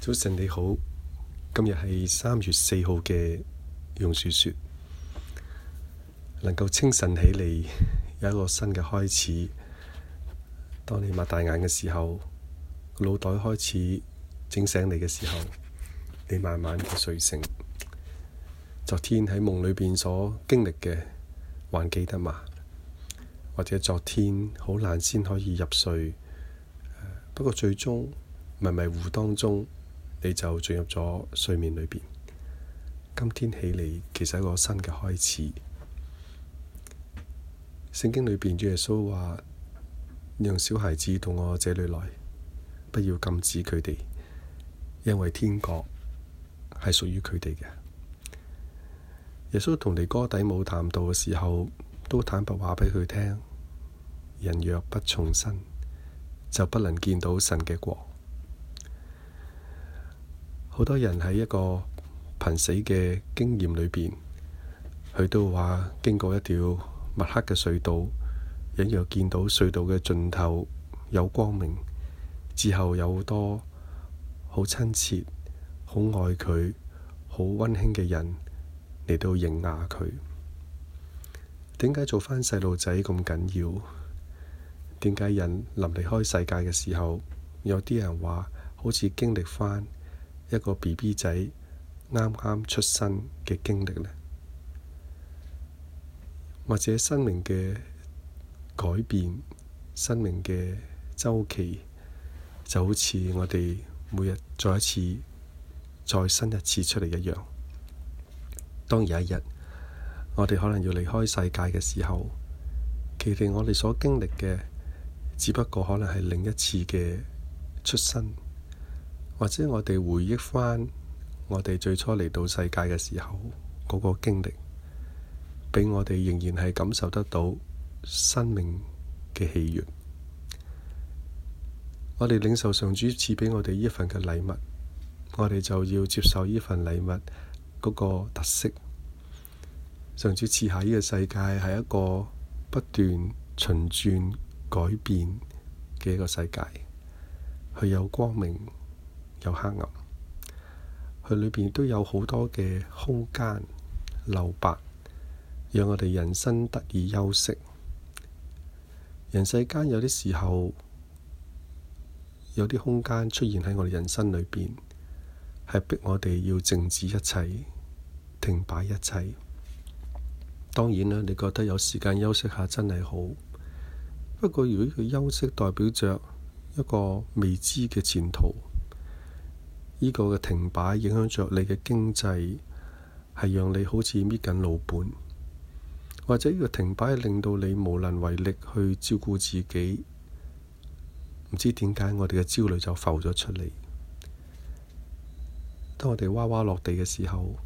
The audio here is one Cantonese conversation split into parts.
早晨你好，今日係三月四號嘅用樹說，能夠清晨起嚟有一個新嘅開始。當你擘大眼嘅時候，個腦袋開始整醒你嘅時候，你慢慢嘅睡醒。昨天喺夢裏邊所經歷嘅，還記得嘛？或者昨天好難先可以入睡，不過最終迷迷糊當中。你就進入咗睡眠裏邊。今天起嚟，其實係一個新嘅開始。聖經裏邊，耶穌話：讓小孩子到我這裏來，不要禁止佢哋，因為天國係屬於佢哋嘅。耶穌同尼哥底母談到嘅時候，都坦白話畀佢聽：人若不重生，就不能見到神嘅國。好多人喺一個瀕死嘅經驗裏邊，佢都話經過一條墨黑嘅隧道，隱約見到隧道嘅盡頭有光明，之後有好多好親切、好愛佢、好溫馨嘅人嚟到迎下佢。點解做返細路仔咁緊要？點解人臨離開世界嘅時候，有啲人話好似經歷返。一個 BB 仔啱啱出生嘅經歷呢，或者生命嘅改變、生命嘅周期，就好似我哋每日再一次再生一次出嚟一樣。當有一日我哋可能要離開世界嘅時候，其實我哋所經歷嘅，只不過可能係另一次嘅出生。或者我哋回憶翻我哋最初嚟到世界嘅時候嗰個經歷，畀我哋仍然係感受得到生命嘅喜悅。我哋領受上主賜畀我哋呢份嘅禮物，我哋就要接受呢份禮物嗰個特色。上主賜下呢個世界係一個不斷循轉改變嘅一個世界，佢有光明，有黑暗，佢裏邊都有好多嘅空間留白，讓我哋人生得以休息。人世間有啲時候，有啲空間出現喺我哋人生裏邊，係逼我哋要靜止一切、停擺一切。當然啦，你覺得有時間休息下真係好，不過如果佢休息代表着一個未知嘅前途。呢個停擺影響着你嘅經濟，係讓你好似搣緊老本，或者呢個停擺令到你無能為力去照顧自己，唔知點解我哋嘅焦慮就浮咗出嚟。當我哋哇哇落地嘅時候，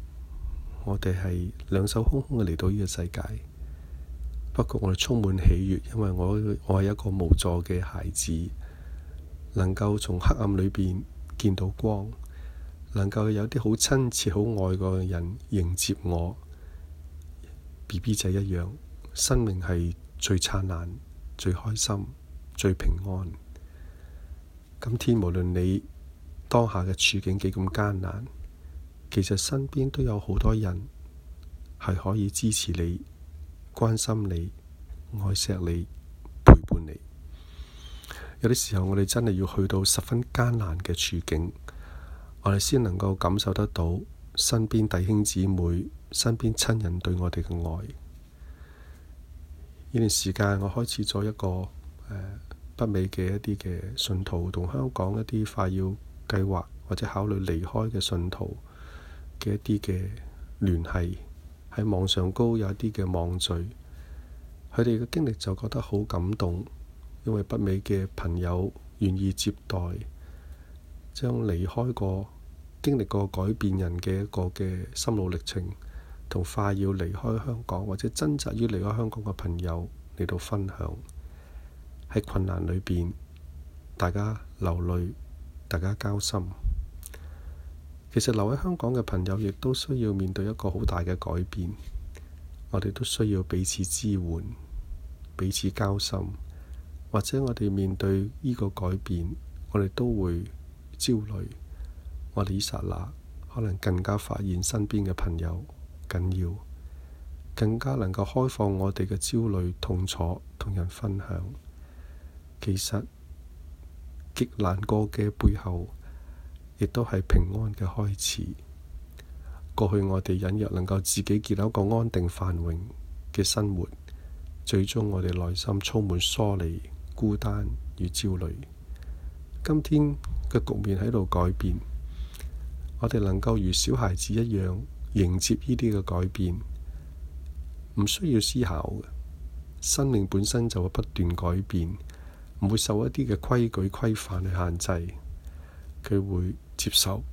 我哋係兩手空空嘅嚟到呢個世界，不過我哋充滿喜悅，因為我我係一個無助嘅孩子，能夠從黑暗裏邊。見到光，能夠有啲好親切、好愛我嘅人迎接我，B B 仔一樣，生命係最燦爛、最開心、最平安。今天無論你當下嘅處境幾咁艱難，其實身邊都有好多人係可以支持你、關心你、愛惜你。有啲時候，我哋真係要去到十分艱難嘅處境，我哋先能夠感受得到身邊弟兄姊妹、身邊親人對我哋嘅愛。呢段時間，我開始咗一個、呃、北美嘅一啲嘅信徒同香港一啲快要計劃或者考慮離開嘅信徒嘅一啲嘅聯繫，喺網上高有一啲嘅網聚，佢哋嘅經歷就覺得好感動。因為北美嘅朋友願意接待將離開過、經歷過改變人嘅一個嘅心路歷程，同快要離開香港或者掙扎於離開香港嘅朋友嚟到分享，喺困難裏邊，大家流淚，大家交心。其實留喺香港嘅朋友亦都需要面對一個好大嘅改變，我哋都需要彼此支援、彼此交心。或者我哋面對呢個改變，我哋都會焦慮。我哋一剎那可能更加發現身邊嘅朋友緊要，更加能夠開放我哋嘅焦慮、痛楚，同人分享。其實極難過嘅背後，亦都係平安嘅開始。過去我哋隱約能夠自己建立一個安定繁榮嘅生活，最終我哋內心充滿疏離。孤單與焦慮。今天嘅局面喺度改變，我哋能夠如小孩子一樣迎接呢啲嘅改變，唔需要思考嘅。生命本身就會不斷改變，唔會受一啲嘅規矩規範去限制。佢會接受，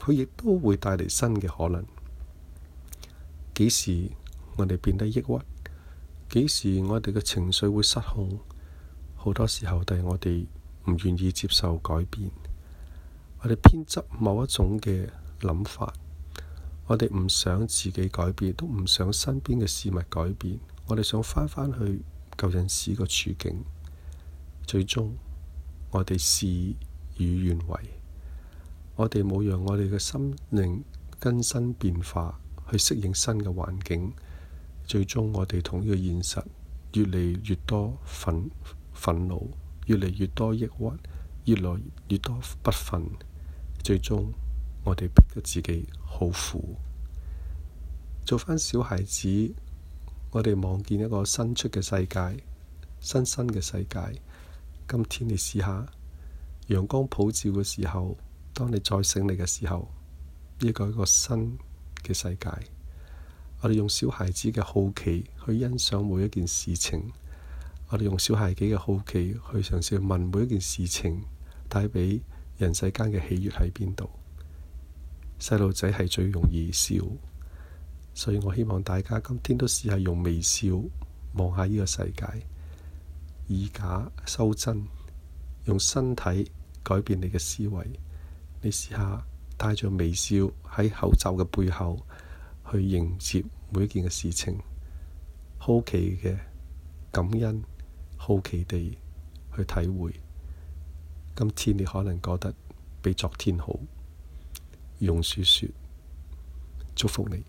佢亦都會帶嚟新嘅可能。幾時我哋變得抑鬱？幾時我哋嘅情緒會失控？好多時候都係我哋唔願意接受改變，我哋偏執某一種嘅諗法，我哋唔想自己改變，都唔想身邊嘅事物改變。我哋想翻返去舊陣時個處境，最終我哋事與願違，我哋冇讓我哋嘅心靈更新變化，去適應新嘅環境。最終我哋同呢個現實越嚟越多份。憤怒越嚟越多抑鬱，抑鬱越來越多不忿，最終我哋逼得自己好苦。做返小孩子，我哋望見一個新出嘅世界，新新嘅世界。今天你試下，陽光普照嘅時候，當你再醒嚟嘅時候，呢、這個係一個新嘅世界。我哋用小孩子嘅好奇去欣賞每一件事情。我哋用小孩子嘅好奇去嘗試，試問每一件事情，帶畀人世間嘅喜悦喺邊度？細路仔係最容易笑，所以我希望大家今天都試下用微笑望下呢個世界，以假修真，用身體改變你嘅思維。你試下帶着微笑喺口罩嘅背後去迎接每一件嘅事情，好奇嘅感恩。好奇地去體會，今天你可能覺得比昨天好。榕樹說：「祝福你。